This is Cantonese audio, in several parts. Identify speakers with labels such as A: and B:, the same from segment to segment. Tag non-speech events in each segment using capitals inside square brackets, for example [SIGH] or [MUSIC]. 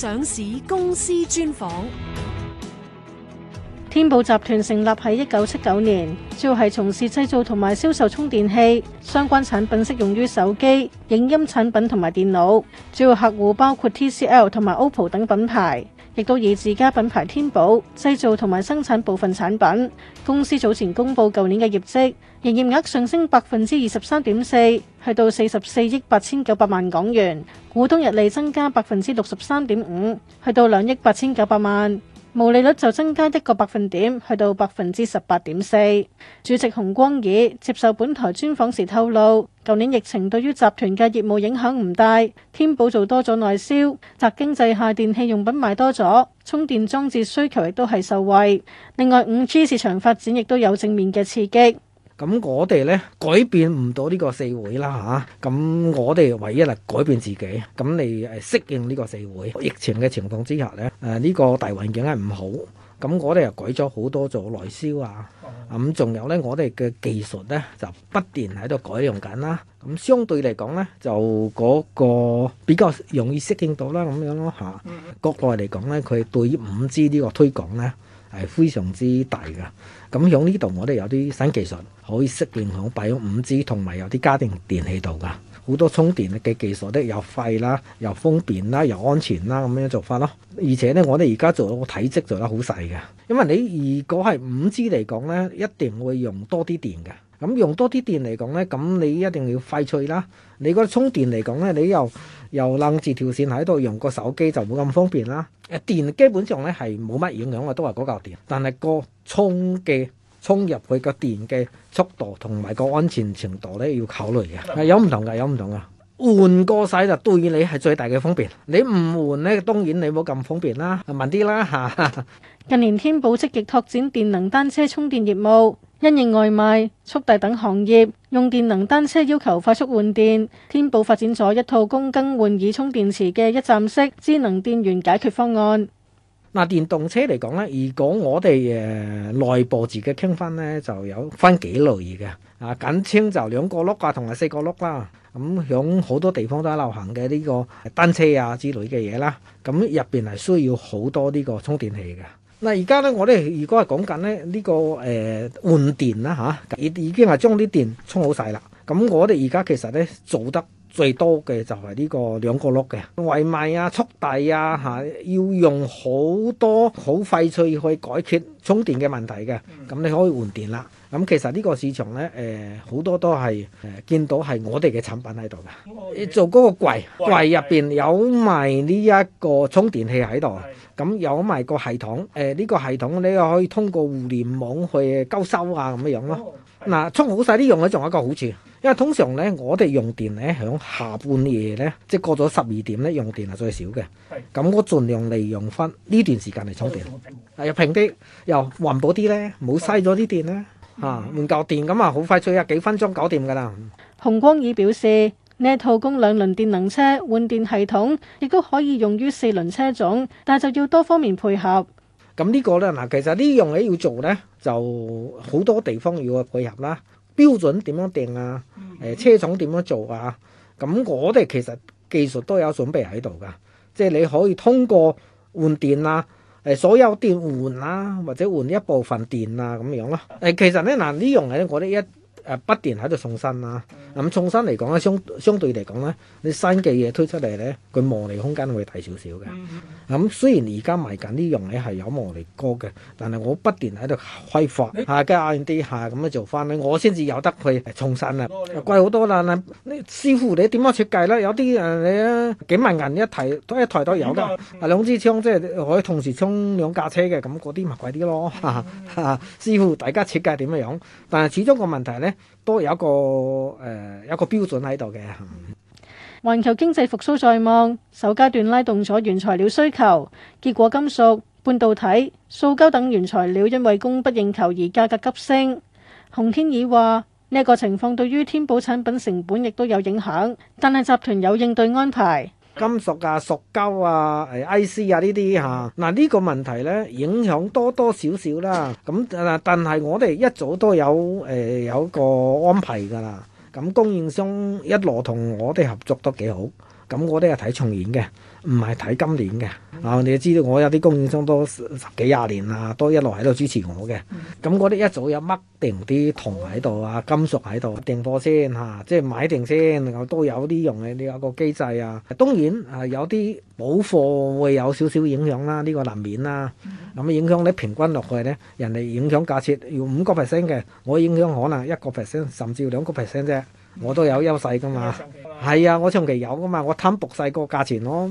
A: 上市公司專訪。天寶集團成立喺一九七九年，主要係從事製造同埋銷售充電器相關產品，適用於手機、影音產品同埋電腦。主要客戶包括 TCL 同埋 OPPO 等品牌。亦都以自家品牌天寶製造同埋生產部分產品。公司早前公布舊年嘅業績，營業額上升百分之二十三點四，去到四十四億八千九百萬港元，股東溢利增加百分之六十三點五，去到兩億八千九百萬。毛利率就增加一個百分點，去到百分之十八點四。主席洪光汜接受本台專訪時透露，舊年疫情對於集團嘅業務影響唔大，天寶做多咗內銷，宅經濟下電器用品賣多咗，充電裝置需求亦都係受惠。另外，五 G 市場發展亦都有正面嘅刺激。
B: 咁我哋咧改變唔到呢個社會啦吓，咁、啊、我哋唯一係改變自己，咁你誒適應呢個社會。疫情嘅情況之下咧，誒、啊、呢、這個大環境係唔好，咁我哋又改咗好多做內銷啊，咁、啊、仲有咧我哋嘅技術咧就不斷喺度改良緊、啊、啦。咁、啊、相對嚟講咧，就嗰個比較容易適應到啦咁樣咯吓，國內嚟講咧，佢對於五 G 呢個推廣咧，係非常之大噶，咁喺呢度我哋有啲新技術可以適應響擺咗五 G 同埋有啲家庭電器度噶，好多充電嘅技術都又快啦，又方便啦，又安全啦，咁樣做法咯。而且咧，我哋而家做到個體積做得好細噶，因為你如果係五 G 嚟講咧，一定會用多啲電嘅。咁用多啲電嚟講呢，咁你一定要快脆啦。你嗰個充電嚟講呢，你又又攬住條線喺度用個手機就冇咁方便啦。誒電基本上呢係冇乜影響嘅，都係嗰嚿電。但係個充嘅充入去個電嘅速度同埋個安全程度呢，要考慮嘅。有唔同㗎，有唔同㗎。換個使就對你係最大嘅方便。你唔換呢，當然你冇咁方便啦。問啲啦嚇。哈
A: 哈。近年天寶積極拓展電能單車充電業務。因應外賣、速遞等行業用電能單車要求快速換電，天寶發展咗一套供更換鋰充電池嘅一站式智能電源解決方案。
B: 嗱，電動車嚟講呢，如果我哋誒內部自己傾翻呢，就有分幾類嘅。啊，簡稱就兩個碌啊，同埋四個碌啦。咁響好多地方都係流行嘅呢個單車啊之類嘅嘢啦。咁入邊係需要好多呢個充電器嘅。嗱，而家咧，我哋如果係講緊咧，呢個誒、呃、換電啦吓，已已經係將啲電充好晒啦。咁我哋而家其實咧做得。最多嘅就係呢個兩個碌嘅外賣啊、速遞啊嚇、啊，要用好多好快脆去解決充電嘅問題嘅。咁、嗯、你可以換電啦。咁、嗯、其實呢個市場呢，誒、呃，好多都係誒、呃、見到係我哋嘅產品喺度嘅。哦、okay, 做嗰個櫃櫃入邊有埋呢一個充電器喺度，咁是有埋個系統誒，呢、呃這個系統你又可以通過互聯網去交收啊咁樣樣咯。哦嗱、嗯，充好晒啲用咧，仲有一個好處，因為通常咧我哋用電咧響下半夜咧，即係過咗十二點咧，用電係最少嘅。係，咁我盡量利用翻呢段時間嚟充電，又平啲，又環保啲咧，冇嘥咗啲電咧，嚇換舊電咁啊，好快脆啊，幾分鐘搞掂㗎啦。
A: 洪光汜表示呢套供兩輪電能車換電系統，亦都可以用於四輪車種，但係就要多方面配合。
B: 咁呢個咧，嗱，其實呢樣嘢要做咧，就好多地方要配合啦。標準點樣定啊？誒，車廠點樣做啊？咁我哋其實技術都有準備喺度噶，即係你可以通過換電啊，誒，所有電換啊，或者換一部分電啊，咁樣咯。誒，其實咧，嗱，呢樣嘢我哋一誒、啊，不斷喺度創新啦，咁創新嚟講咧，相相對嚟講咧，你新嘅嘢推出嚟咧，佢毛利空間會大少少嘅。咁、嗯嗯嗯、雖然而家賣緊呢樣咧係有毛利歌嘅，但係我不斷喺度開發嚇你、啊、加啲嚇咁樣做翻咧，我先至有得去創新啊，貴好多啦。嗱、啊，那師傅你點樣設計咧？有啲誒你啊幾萬銀一提都一,一台都有啊，兩支槍即係可以同時充兩架車嘅，咁嗰啲咪貴啲咯嚇、啊啊。師傅大家設計點樣樣，但係始終個問題咧。都有一個誒，有個標準喺度嘅。環
A: 球經濟復甦在望，首階段拉動咗原材料需求，結果金屬、半導體、塑膠等原材料因為供不應求而價格急升。洪光汜話，呢個情況對於天寶產品成本亦都有影響，但係集團有應對安排。
B: 金屬啊、塑膠啊、誒 IC 啊呢啲嚇，嗱呢、啊這個問題呢影響多多少少啦。咁但係我哋一早都有誒、呃、有一個安排㗎啦。咁、啊、供應商一路同我哋合作都幾好，咁、啊、我哋係睇重演嘅。唔係睇今年嘅啊！Mm hmm. 你知道，我有啲供應商都十幾廿年啦，都一路喺度支持我嘅。咁我啲一早有乜定啲銅喺度啊，金屬喺度，訂貨先嚇、啊，即係買定先。我都有啲用嘅，有個機制啊。當然係有啲補貨會有少少影響啦，呢、呢個難免啦、啊。咁、mm hmm. 影響你平均落去呢，人哋影響價錢要五個 percent 嘅，我影響可能一個 percent，甚至兩個 percent 啫。我都有優勢㗎嘛。Mm hmm. 係啊，我長期有噶嘛，我貪薄晒個價錢咯。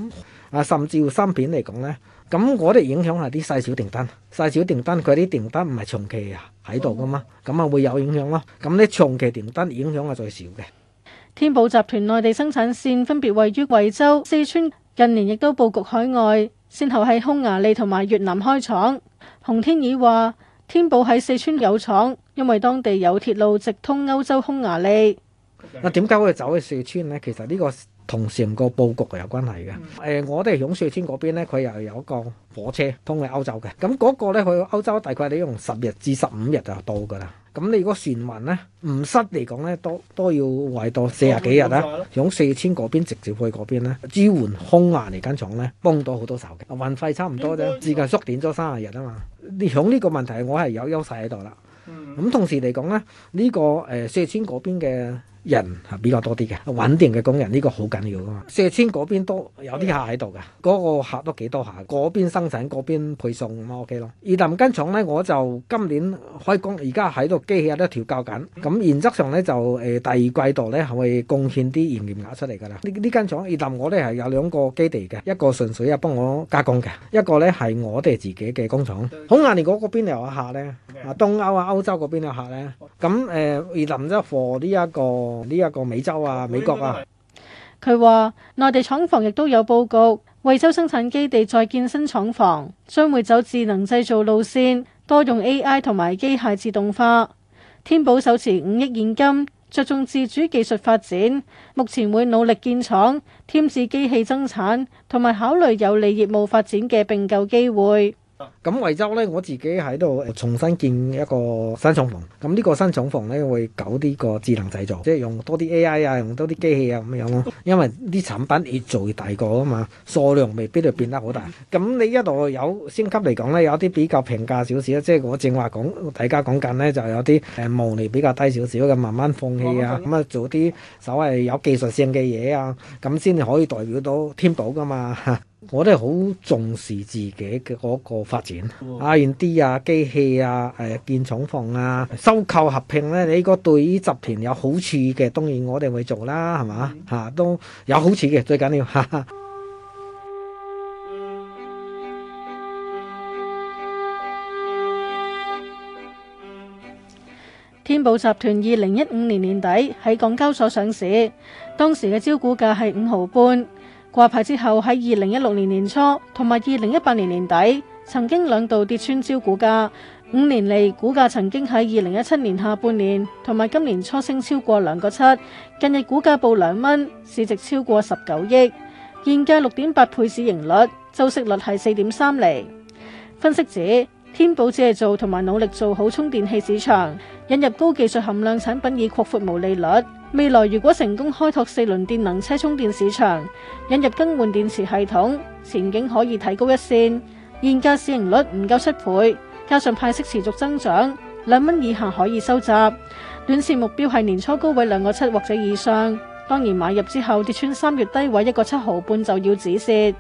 B: 啊，甚至乎芯片嚟講呢。咁我哋影響係啲細小訂單，細小訂單，佢啲訂單唔係長期啊喺度噶嘛，咁啊會有影響咯。咁咧長期訂單影響係最少嘅。
A: 天寶集團內地生產線分別位於惠州、四川，近年亦都佈局海外，先後喺匈牙利同埋越南開廠。洪天爾話：天寶喺四川有廠，因為當地有鐵路直通歐洲匈牙利。
B: 啊，點解會走去四川咧？其實呢個同成個佈局有關係嘅。誒、嗯呃，我哋喺四川嗰邊咧，佢又有一個火車通去歐洲嘅。咁嗰個咧去歐洲大概你用十日至十五日就到噶啦。咁你如果船運咧，唔失嚟講咧，多都，都要維多四十幾日啊。喺四川嗰邊直接去嗰邊咧，支援空啊，嚟間廠咧幫到好多手嘅。運費差唔多啫，時間縮短咗三十日啊嘛。你喺呢個問題我，我係有優勢喺度啦。咁同時嚟講咧，呢、呢個誒四、呃、川嗰邊嘅。人係比較多啲嘅，穩定嘅工人，呢個好緊要㗎嘛。嗰邊都有啲客喺度㗎，嗰個客都幾多客。嗰邊生產，嗰邊配送，咁 OK 囉。而林間廠呢，我就今年開工，而家喺度機器都調校緊。咁原則上呢就，誒，第二季度呢係咪貢獻啲營業額出嚟㗎啦？呢呢間廠，而林我哋係有兩個基地嘅，一個純粹啊幫我加工嘅，一個呢係我哋自己嘅工廠。好眼你嗰邊又有客呢？啊，東歐啊，歐洲嗰邊有客呢？咁誒，而林即係貨呢一個。呢一個美洲啊，美國啊，
A: 佢話內地廠房亦都有佈局。惠州生產基地再建新廠房，將會走智能製造路線，多用 AI 同埋機械自動化。天寶手持五億現金，着重自主技術發展，目前會努力建廠，添置機器生產，同埋考慮有利業務發展嘅併購機會。
B: 咁惠州咧，我自己喺度重新建一個新廠房。咁呢個新廠房咧，會搞啲個智能製造，即係用多啲 AI 啊，用多啲機器啊咁樣咯。因為啲產品越做越大個啊嘛，數量未必就變得好大。咁你一度有先級嚟講咧，有啲比較平價少少，即係我正話講大家講緊咧，就有啲誒毛利比較低少少嘅，慢慢放棄啊。咁啊，做啲所謂有技術性嘅嘢啊，咁先可以代表到天寶噶嘛。 [LAUGHS] 我哋好重視自己嘅嗰個發展，阿元啲啊，機、啊、器啊，誒、呃、建廠房啊，收購合併呢，你、這個對於集團有好處嘅，當然我哋會做啦，係嘛嚇都有好處嘅，最緊要。
A: [LAUGHS] 天寶集團二零一五年年底喺港交所上市，當時嘅招股價係五毫半。掛牌之後喺二零一六年年初同埋二零一八年年底，曾經兩度跌穿招股價。五年嚟，股價曾經喺二零一七年下半年同埋今年初升超過兩個七。近日股價報兩蚊，市值超過十九億，現價六點八倍市盈率，周息率係四點三厘。分析指，天寶只係做同埋努力做好充電器市場，引入高技術含量產品以擴闊毛利率。未來如果成功開拓四輪電能車充電市場，引入更換電池系統，前景可以提高一線。現價市盈率唔夠七倍，加上派息持續增長，兩蚊以下可以收集。短線目標係年初高位兩個七或者以上。當然買入之後跌穿三月低位一個七毫半就要止蝕。